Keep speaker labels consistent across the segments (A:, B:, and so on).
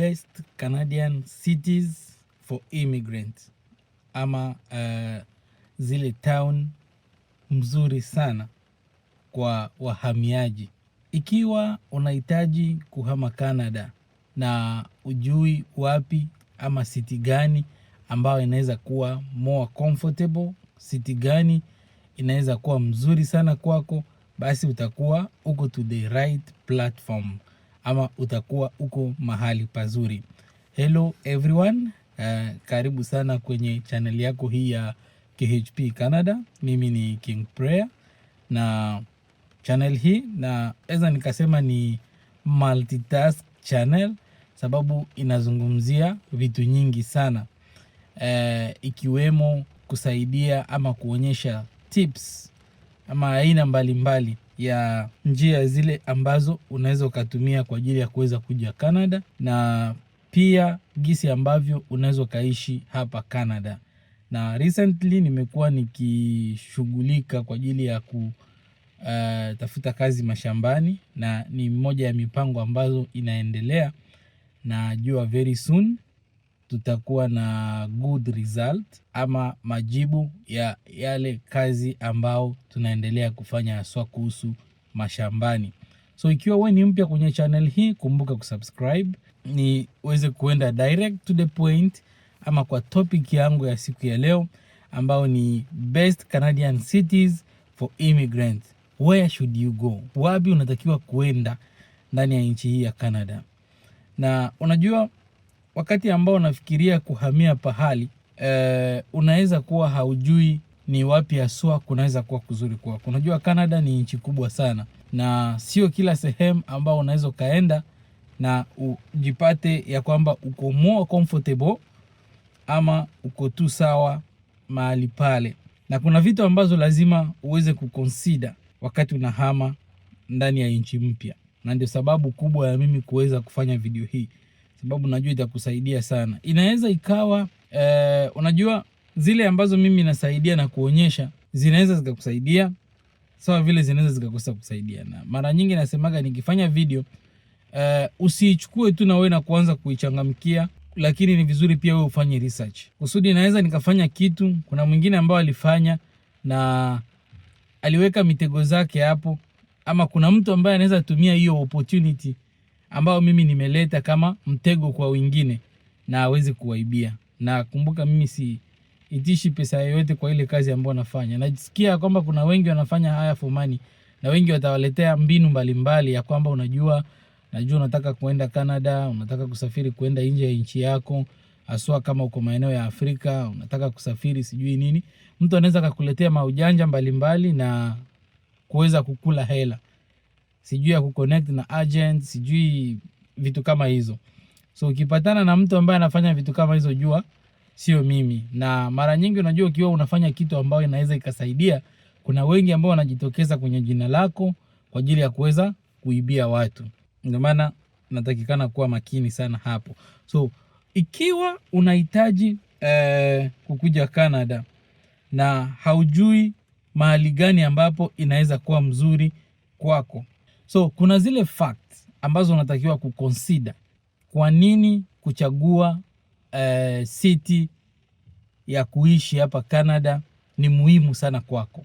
A: best Canadian cities for immigrants, ama uh, zile town mzuri sana kwa wahamiaji. Ikiwa unahitaji kuhama Canada na ujui wapi ama city gani ambayo inaweza kuwa more comfortable, city gani inaweza kuwa mzuri sana kwako, basi utakuwa uko to the right platform ama utakuwa uko mahali pazuri. Hello everyone, uh, karibu sana kwenye channel yako hii ya KHP Canada. Mimi ni King Prayer na channel hii naweza nikasema ni multitask channel sababu inazungumzia vitu nyingi sana uh, ikiwemo kusaidia ama kuonyesha tips ama aina mbalimbali mbali ya njia zile ambazo unaweza ukatumia kwa ajili ya kuweza kuja Canada na pia gisi ambavyo unaweza ukaishi hapa Canada. Na recently nimekuwa nikishughulika kwa ajili ya ku uh, tafuta kazi mashambani na ni moja ya mipango ambazo inaendelea na jua very soon tutakuwa na good result ama majibu ya yale kazi ambao tunaendelea kufanya haswa kuhusu mashambani. So ikiwa we ni mpya kwenye channel hii, kumbuka kusubscribe ni weze kuenda direct to the point ama kwa topic yangu ya siku ya leo ambao ni best Canadian cities for immigrants. Where should you go? Wapi unatakiwa kuenda ndani ya nchi hii ya Canada? Na unajua Wakati ambao unafikiria kuhamia pahali eh, unaweza kuwa haujui ni wapi haswa kunaweza kuwa kuzuri kwako. Unajua Canada ni nchi kubwa sana, na sio kila sehemu ambao unaweza ukaenda na ujipate ya kwamba uko more comfortable ama uko tu sawa mahali pale, na kuna vitu ambazo lazima uweze kukonsida wakati unahama ndani ya nchi mpya, na ndio sababu kubwa ya mimi kuweza kufanya video hii sababu najua itakusaidia sana. Inaweza ikawa e, unajua zile ambazo mimi nasaidia na kuonyesha zinaweza zikakusaidia sawa vile zinaweza zikakosa kusaidia. Na mara nyingi nasemaga nikifanya video e, usiichukue tu na wewe na kuanza kuichangamkia lakini ni vizuri pia wewe ufanye research kusudi. Naweza nikafanya kitu, kuna mwingine ambao alifanya na aliweka mitego zake hapo, ama kuna mtu ambaye anaweza tumia hiyo opportunity ambao mimi nimeleta kama mtego kwa wengine na aweze kuwaibia. Na kumbuka mimi si itishi pesa yoyote kwa ile kazi ambayo nafanya. Najisikia kwamba kuna wengi wanafanya haya for money na wengi watawaletea mbinu mbalimbali mbali ya kwamba unajua, najua unataka kuenda Canada, unataka kusafiri kuenda nje ya nchi yako, haswa kama uko maeneo ya Afrika, unataka kusafiri sijui nini. Mtu anaweza kukuletea maujanja mbalimbali mbali na kuweza kukula hela sijui ya kuconnect na agent, sijui vitu kama hizo. So ukipatana na mtu ambaye anafanya vitu kama hizo, jua sio mimi. Na mara nyingi, unajua ukiwa unafanya kitu ambayo inaweza ikasaidia, kuna wengi ambao wanajitokeza kwenye jina lako kwa ajili ya kuweza kuibia watu. Ndio maana natakikana kuwa makini sana hapo. So ikiwa unahitaji eh, kukuja Canada na haujui mahali gani ambapo inaweza kuwa mzuri kwako, So kuna zile facts ambazo unatakiwa kuconsider kwa nini kuchagua uh, city ya kuishi hapa Canada ni muhimu sana kwako.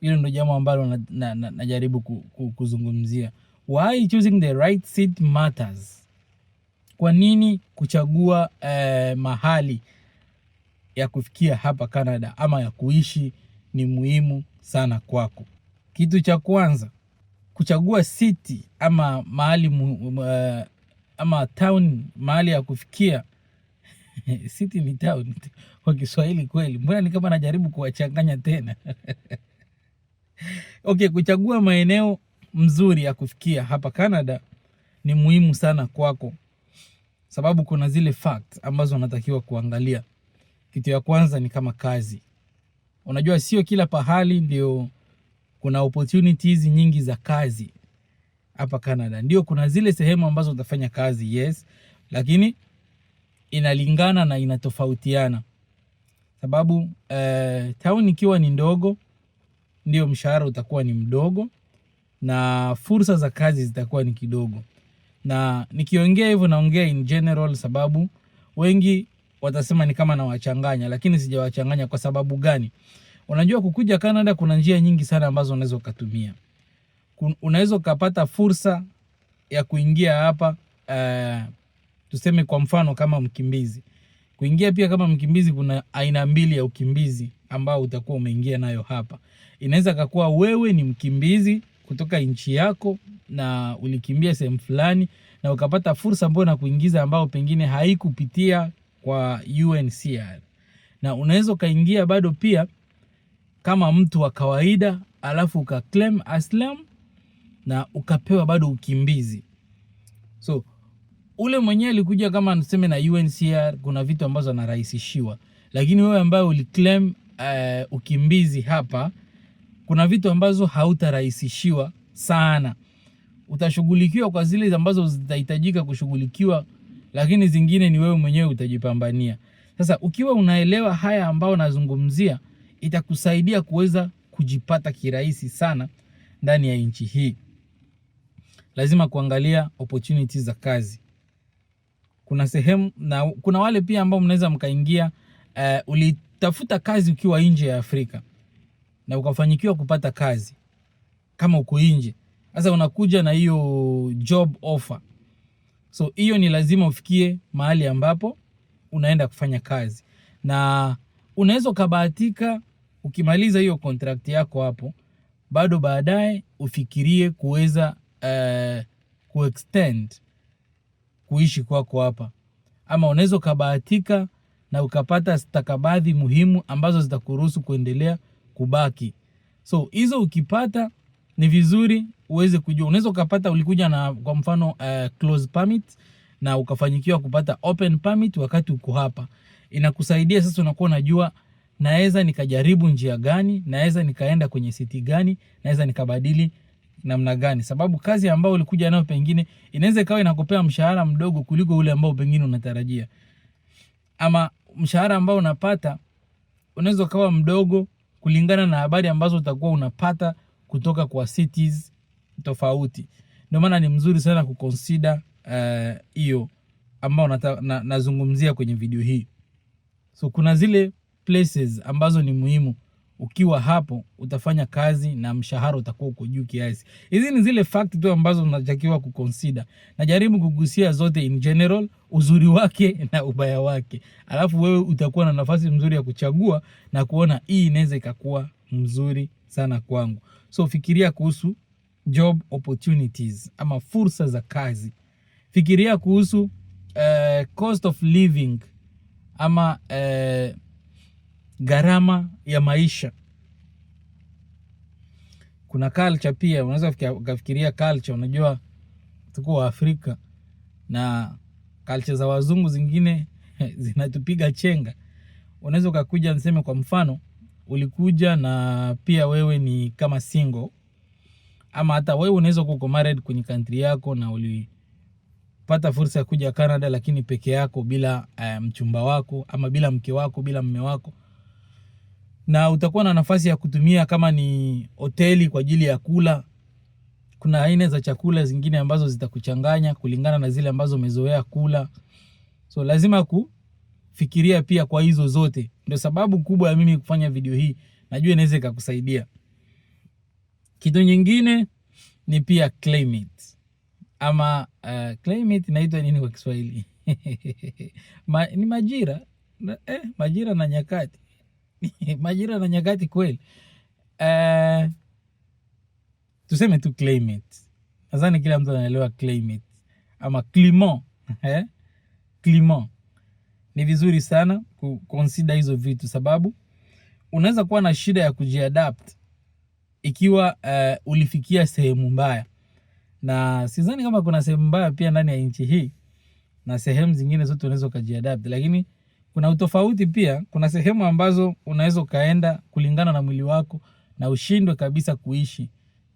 A: Hilo ndio jambo ambalo najaribu na, na, na ku, kuzungumzia. Why choosing the right seat matters. Kwa nini kuchagua uh, mahali ya kufikia hapa Canada ama ya kuishi ni muhimu sana kwako. Kitu cha kwanza kuchagua city ama mahali uh, ama town mahali ya kufikia city ni town kwa Kiswahili kweli, mbona ni kama najaribu kuwachanganya tena okay, kuchagua maeneo mzuri ya kufikia hapa Canada ni muhimu sana kwako, sababu kuna zile fact ambazo unatakiwa kuangalia. Kitu ya kwanza ni kama kazi. Unajua sio kila pahali ndio kuna opportunities nyingi za kazi hapa Canada. Ndio kuna zile sehemu ambazo utafanya kazi yes, lakini inalingana na inatofautiana sababu eh, town ikiwa ni ndogo ndio mshahara utakuwa ni mdogo na fursa za kazi zitakuwa ni kidogo. Na nikiongea hivyo naongea in general, sababu wengi watasema ni kama nawachanganya, lakini sijawachanganya. Kwa sababu gani? Unajua kukuja Canada kuna njia nyingi sana ambazo unaweza ukatumia. Unaweza ukapata fursa ya kuingia hapa uh, tuseme kwa mfano kama mkimbizi. Kuingia pia kama mkimbizi, kuna aina mbili ya ukimbizi ambao utakuwa umeingia nayo hapa. Inaweza kakuwa wewe ni mkimbizi kutoka nchi yako na ulikimbia sehemu fulani na ukapata fursa ambayo nakuingiza ambao pengine haikupitia kwa UNHCR, na unaweza ukaingia bado pia kama mtu wa kawaida, alafu uka claim aslam na ukapewa bado ukimbizi. So ule mwenyewe alikuja kama anaseme na UNHCR, kuna vitu ambazo anarahisishiwa, lakini wewe ambaye uliclaim uh, ukimbizi hapa, kuna vitu ambazo hautarahisishiwa sana, utashughulikiwa kwa zile ambazo zitahitajika kushughulikiwa, lakini zingine ni wewe mwenyewe utajipambania. Sasa ukiwa unaelewa haya ambao nazungumzia itakusaidia kuweza kujipata kirahisi sana ndani ya nchi hii. Lazima kuangalia opportunities za kazi. Kuna sehemu na kuna wale pia ambao mnaweza mkaingia, uh, ulitafuta kazi ukiwa nje ya Afrika na ukafanyikiwa kupata kazi kama uko nje. Sasa unakuja na hiyo job offer, so hiyo ni lazima ufikie mahali ambapo unaenda kufanya kazi na unaweza ukabahatika ukimaliza hiyo contract yako hapo, bado baadaye ufikirie kuweza uh, kuextend kuishi kwako hapa, ama unaweza ukabahatika na ukapata stakabadhi muhimu ambazo zitakuruhusu kuendelea kubaki. So hizo ukipata ni vizuri uweze kujua. Unaweza ukapata ulikuja na kwa mfano uh, close permit na ukafanyikiwa kupata open permit wakati uko hapa, inakusaidia sasa, unakuwa unajua naweza nikajaribu njia gani, naweza nikaenda kwenye siti gani, naweza nikabadili namna gani, sababu kazi ambayo ulikuja nayo pengine inaweza ikawa inakupea mshahara mdogo kuliko ule ambao pengine unatarajia, ama mshahara ambao unapata unaweza ukawa mdogo kulingana na habari ambazo utakuwa unapata kutoka kwa cities tofauti. Ndio maana ni mzuri sana kukonsida eh, hiyo uh, ambao nazungumzia na, na kwenye video hii. So kuna zile places ambazo ni muhimu. Ukiwa hapo utafanya kazi na mshahara utakuwa uko juu kiasi. Hizi ni zile fact tu ambazo unatakiwa kuconsider. Najaribu kugusia zote in general, uzuri wake na ubaya wake, alafu wewe utakuwa na nafasi mzuri ya kuchagua na kuona hii inaweza ikakuwa mzuri sana kwangu. So fikiria kuhusu job opportunities ama fursa za kazi. Fikiria kuhusu uh, cost of living ama uh, gharama ya maisha. Kuna culture pia, unaweza ukafikiria culture. Unajua tuko wa Afrika na culture za wazungu zingine zinatupiga chenga. Unaweza ukakuja, nseme, kwa mfano, ulikuja na pia wewe ni kama single ama hata wewe unaweza kuko married kwenye country yako na uli pata fursa ya kuja Canada, lakini peke yako bila eh, mchumba wako ama bila mke wako bila mme wako na utakuwa na nafasi ya kutumia kama ni hoteli kwa ajili ya kula. Kuna aina za chakula zingine ambazo zitakuchanganya kulingana na zile ambazo umezoea kula, so lazima kufikiria pia kwa hizo zote. Ndio sababu kubwa ya mimi kufanya video hii, najua inaweza ikakusaidia. Kitu nyingine ni pia climate ama uh, climate inaitwa nini kwa Kiswahili? Ma, ni majira eh, majira na nyakati majira na nyakati kweli. Uh, tuseme tu climate, nadhani kila mtu anaelewa climate ama climat eh? climat. Ni vizuri sana kuconsider hizo vitu, sababu unaweza kuwa na shida ya kujiadapt ikiwa uh, ulifikia sehemu mbaya, na sidhani kama kuna sehemu mbaya pia ndani ya nchi hii, na sehemu zingine zote unaweza ukajiadapt, lakini kuna utofauti pia, kuna sehemu ambazo unaweza ukaenda kulingana na mwili wako na ushindwe kabisa kuishi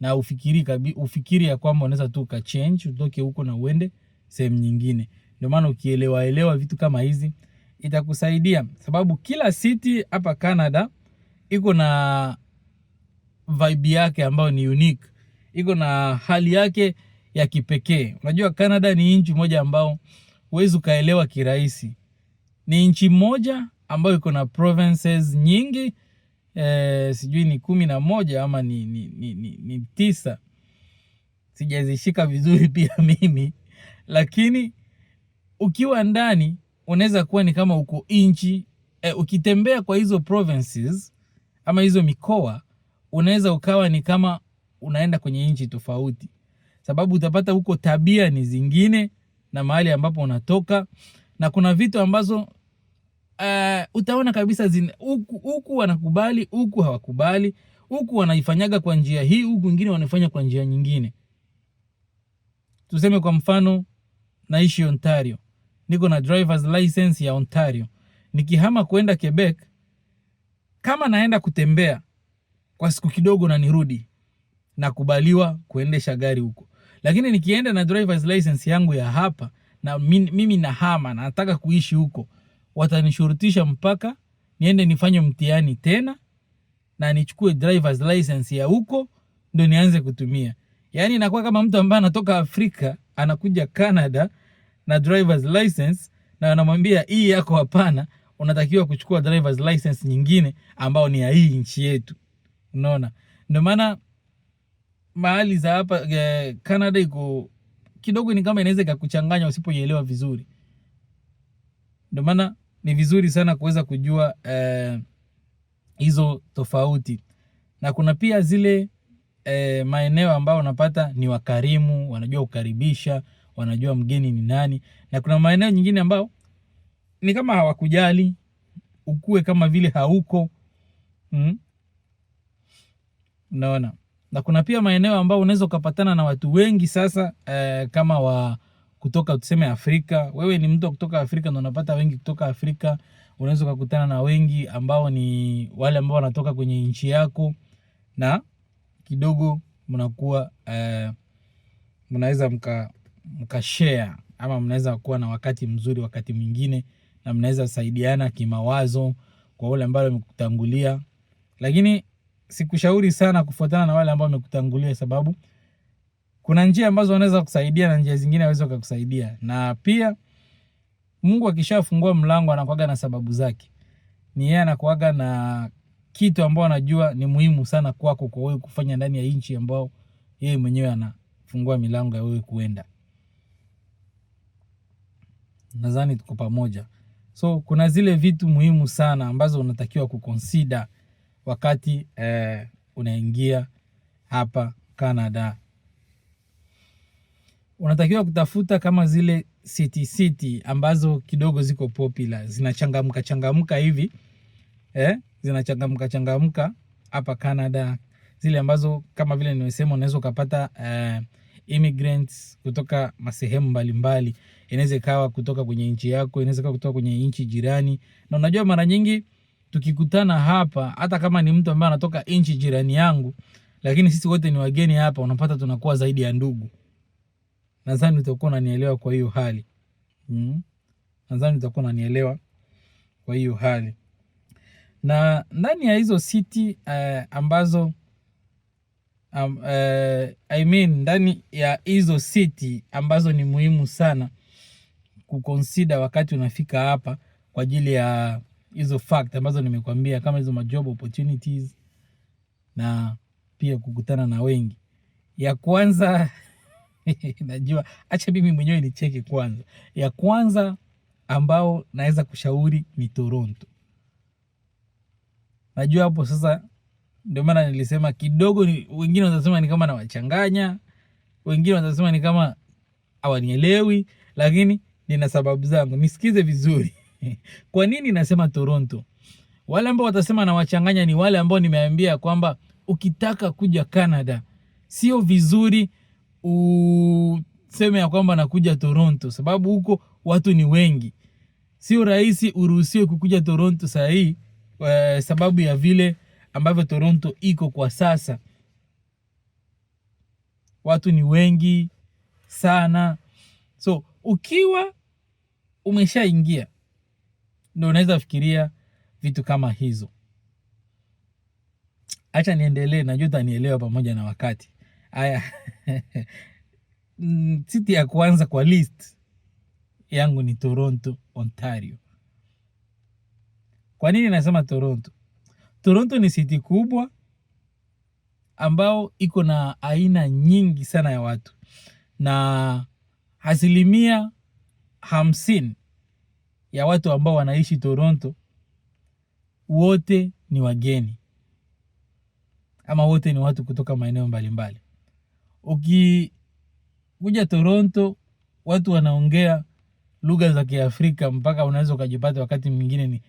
A: na ufikiri, kabi, ufikiri ya kwamba unaweza tu change utoke huko na uende sehemu nyingine. Ndio maana ukielewa elewa vitu kama hizi itakusaidia, sababu kila city hapa Canada iko na vibe yake ambayo ni unique, iko na hali yake ya kipekee. Unajua Canada ni nchi moja ambao huwezi ukaelewa kirahisi ni nchi moja ambayo iko na provinces nyingi e, sijui ni kumi na moja ama ni, ni, ni, ni, ni tisa, sijazishika vizuri pia mimi lakini ukiwa ndani unaweza kuwa ni kama uko nchi e, ukitembea kwa hizo provinces ama hizo mikoa unaweza ukawa ni kama unaenda kwenye nchi tofauti, sababu utapata huko tabia ni zingine na mahali ambapo unatoka, na kuna vitu ambazo uh, utaona kabisa huku wanakubali, huku hawakubali, huku wanaifanyaga kwa njia hii, huku wengine wanaifanya kwa njia nyingine. Tuseme kwa mfano, naishi Ontario, niko na drivers license ya Ontario. Nikihama kwenda Quebec, kama naenda kutembea kwa siku kidogo na nirudi, nakubaliwa kuendesha gari huko, lakini nikienda na drivers license yangu ya hapa na mimi nahama, nataka kuishi huko watanishurutisha mpaka niende nifanye mtihani tena na nichukue driver's license ya huko ndo nianze kutumia. Yaani inakuwa kama mtu ambaye anatoka Afrika anakuja Canada na driver's license na anamwambia hii yako hapana, unatakiwa kuchukua driver's license nyingine ambao ni ya hii nchi yetu. Unaona, ndio maana mahali za hapa eh, Canada iko kidogo ni kama inaweza ikakuchanganya usipoielewa vizuri, ndio maana ni vizuri sana kuweza kujua eh, hizo tofauti, na kuna pia zile eh, maeneo ambayo unapata ni wakarimu, wanajua kukaribisha, wanajua mgeni ni nani, na kuna maeneo nyingine ambayo ni kama hawakujali ukue kama vile hauko mm. Unaona, na kuna pia maeneo ambayo unaweza ukapatana na watu wengi sasa eh, kama wa kutoka tuseme Afrika, wewe ni mtu wa kutoka Afrika ndo unapata wengi kutoka Afrika. Unaweza ukakutana na wengi ambao ni wale ambao wanatoka kwenye nchi yako, na kidogo mnakuwa eh, mnaweza mka, mka share ama mnaweza kuwa na wakati mzuri wakati mwingine, na mnaweza saidiana kimawazo kwa wale ambao wamekutangulia, lakini sikushauri sana kufuatana na wale ambao wamekutangulia sababu kuna njia ambazo wanaweza kusaidia na njia zingine hawezi kukusaidia. Na pia Mungu akishafungua mlango anakuaga na sababu zake, ni yeye anakuaga na kitu ambao anajua ni muhimu sana kwako kwa wewe kufanya ndani ya nchi ambao yeye mwenyewe anafungua milango ya wewe kuenda. Nadhani tuko pamoja. So kuna zile vitu muhimu sana ambazo unatakiwa kukonsida wakati eh, unaingia hapa Canada unatakiwa kutafuta kama zile city city ambazo kidogo ziko popular zinachangamka changamka hivi eh, zinachangamka changamka hapa Canada, zile ambazo kama vile nimesema unaweza ukapata eh, immigrants kutoka masehemu mbalimbali. Inaweza ikawa kutoka kwenye nchi yako, inaweza ikawa kutoka kwenye nchi jirani, na unajua mara nyingi tukikutana hapa, hata kama ni mtu ambaye anatoka nchi jirani yangu, lakini sisi wote ni wageni hapa, unapata tunakuwa zaidi ya ndugu. Nadhani utakuwa unanielewa kwa hiyo hali mm. Nadhani utakuwa unanielewa kwa hiyo hali. Na ndani ya hizo siti uh, eh, ambazo um, uh, I mean ndani ya hizo siti ambazo ni muhimu sana kukonsida wakati unafika hapa kwa ajili ya hizo fact ambazo nimekwambia, kama hizo majob opportunities na pia kukutana na wengi. Ya kwanza najua, acha mimi mwenyewe nicheke kwanza. Ya kwanza ambao naweza kushauri ni Toronto. Najua hapo sasa, ndio maana nilisema kidogo ni, wengine wanasema ni kama nawachanganya, wengine wanasema ni kama hawanielewi, lakini nina sababu zangu. Nisikize vizuri kwa nini nasema Toronto. Wale ambao watasema nawachanganya ni wale ambao nimeambia kwamba ukitaka kuja Canada sio vizuri useme ya kwamba nakuja Toronto, sababu huko watu ni wengi. Sio rahisi uruhusiwe kukuja Toronto saa hii eh, sababu ya vile ambavyo Toronto iko kwa sasa, watu ni wengi sana. So ukiwa umeshaingia ndo unaweza fikiria vitu kama hizo. Acha niendelee, najua utanielewa pamoja na wakati. Haya, mm, city ya kwanza kwa list yangu ni Toronto, Ontario. Kwa nini nasema Toronto? Toronto ni city kubwa ambao iko na aina nyingi sana ya watu na asilimia hamsini ya watu ambao wanaishi Toronto wote ni wageni ama wote ni watu kutoka maeneo mbalimbali ukikuja Toronto watu wanaongea lugha za Kiafrika mpaka unaweza ukajipata wakati mwingine ni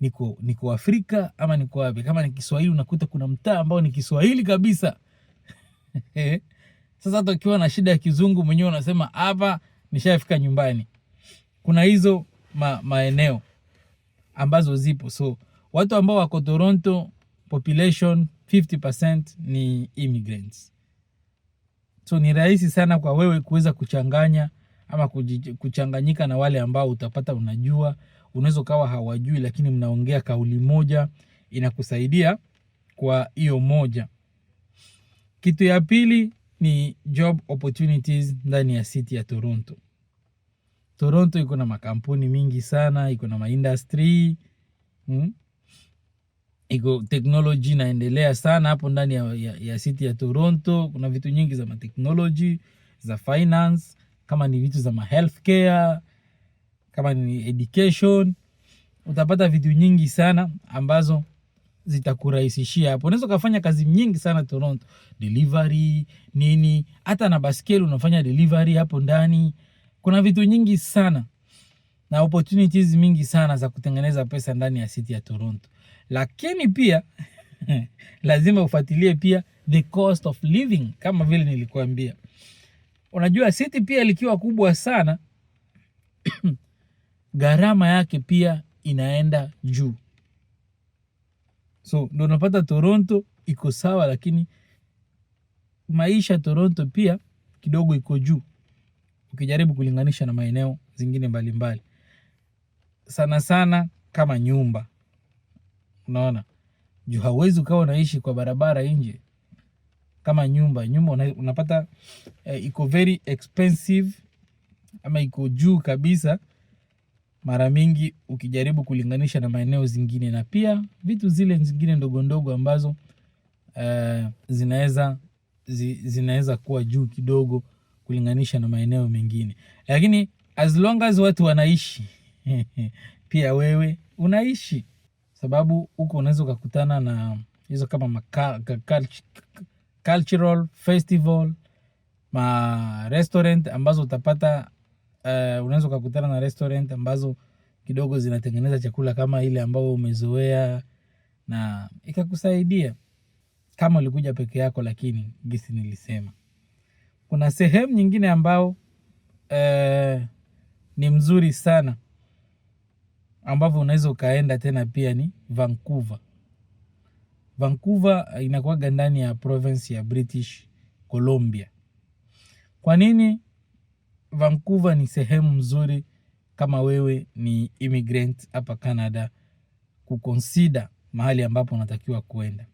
A: niko niko Afrika ama niko wapi. Kama ni Kiswahili unakuta kuna mtaa ambao ni Kiswahili kabisa Sasa hata ukiwa na shida ya kizungu mwenyewe unasema hapa nishafika nyumbani. Kuna hizo ma, maeneo ambazo zipo, so watu ambao wako Toronto population 50% ni immigrants. So ni rahisi sana kwa wewe kuweza kuchanganya ama kuchanganyika na wale ambao utapata unajua, unaweza ukawa hawajui, lakini mnaongea kauli moja, inakusaidia kwa hiyo moja. Kitu ya pili ni job opportunities ndani ya city ya Toronto. Toronto iko na makampuni mingi sana, iko na maindustry hmm? iko teknoloji inaendelea sana hapo ndani ya, ya, ya city ya Toronto. Kuna vitu nyingi za mateknoloji za finance, kama ni vitu za healthcare, kama ni education, utapata vitu nyingi sana ambazo zitakurahisishia hapo. Unaweza kufanya kazi nyingi sana Toronto, delivery nini, hata na baskeli unafanya delivery hapo ndani. Kuna vitu nyingi sana na opportunities mingi sana za kutengeneza pesa ndani ya city ya Toronto lakini pia lazima ufuatilie pia the cost of living, kama vile nilikuambia. Unajua siti pia likiwa kubwa sana gharama yake pia inaenda juu, so ndo unapata Toronto iko sawa, lakini maisha Toronto pia kidogo iko juu ukijaribu kulinganisha na maeneo zingine mbalimbali mbali. Sana sana kama nyumba Unaona, juu hauwezi ukawa unaishi kwa barabara nje kama nyumba. Nyumba unapata eh, iko very expensive ama iko juu kabisa mara mingi ukijaribu kulinganisha na maeneo zingine, na pia vitu zile zingine ndogo ndogo ambazo eh, zinaweza zi, zinaweza kuwa juu kidogo kulinganisha na maeneo mengine, lakini as long as watu wanaishi pia wewe unaishi sababu huko unaweza ukakutana na hizo kama ma cultural festival ma restaurant ambazo utapata uh, unaweza ukakutana na restaurant ambazo kidogo zinatengeneza chakula kama ile ambayo umezoea na ikakusaidia kama ulikuja peke yako, lakini gisi nilisema kuna sehemu nyingine ambao eh, ni mzuri sana ambavyo unaweza ukaenda tena pia ni Vancouver. Vancouver inakuwaga ndani ya province ya British Columbia. Kwa nini Vancouver ni sehemu nzuri kama wewe ni immigrant hapa Canada kuconsider mahali ambapo unatakiwa kuenda?